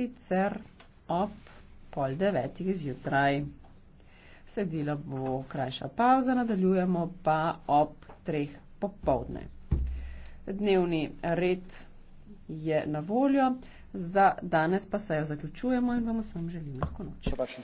sicer ob pol devetih zjutraj. Sedila bo krajša pauza, nadaljujemo pa ob treh popovdne. Dnevni red je na voljo, za danes pa se jo zaključujemo in vam vsem želim lahko noč.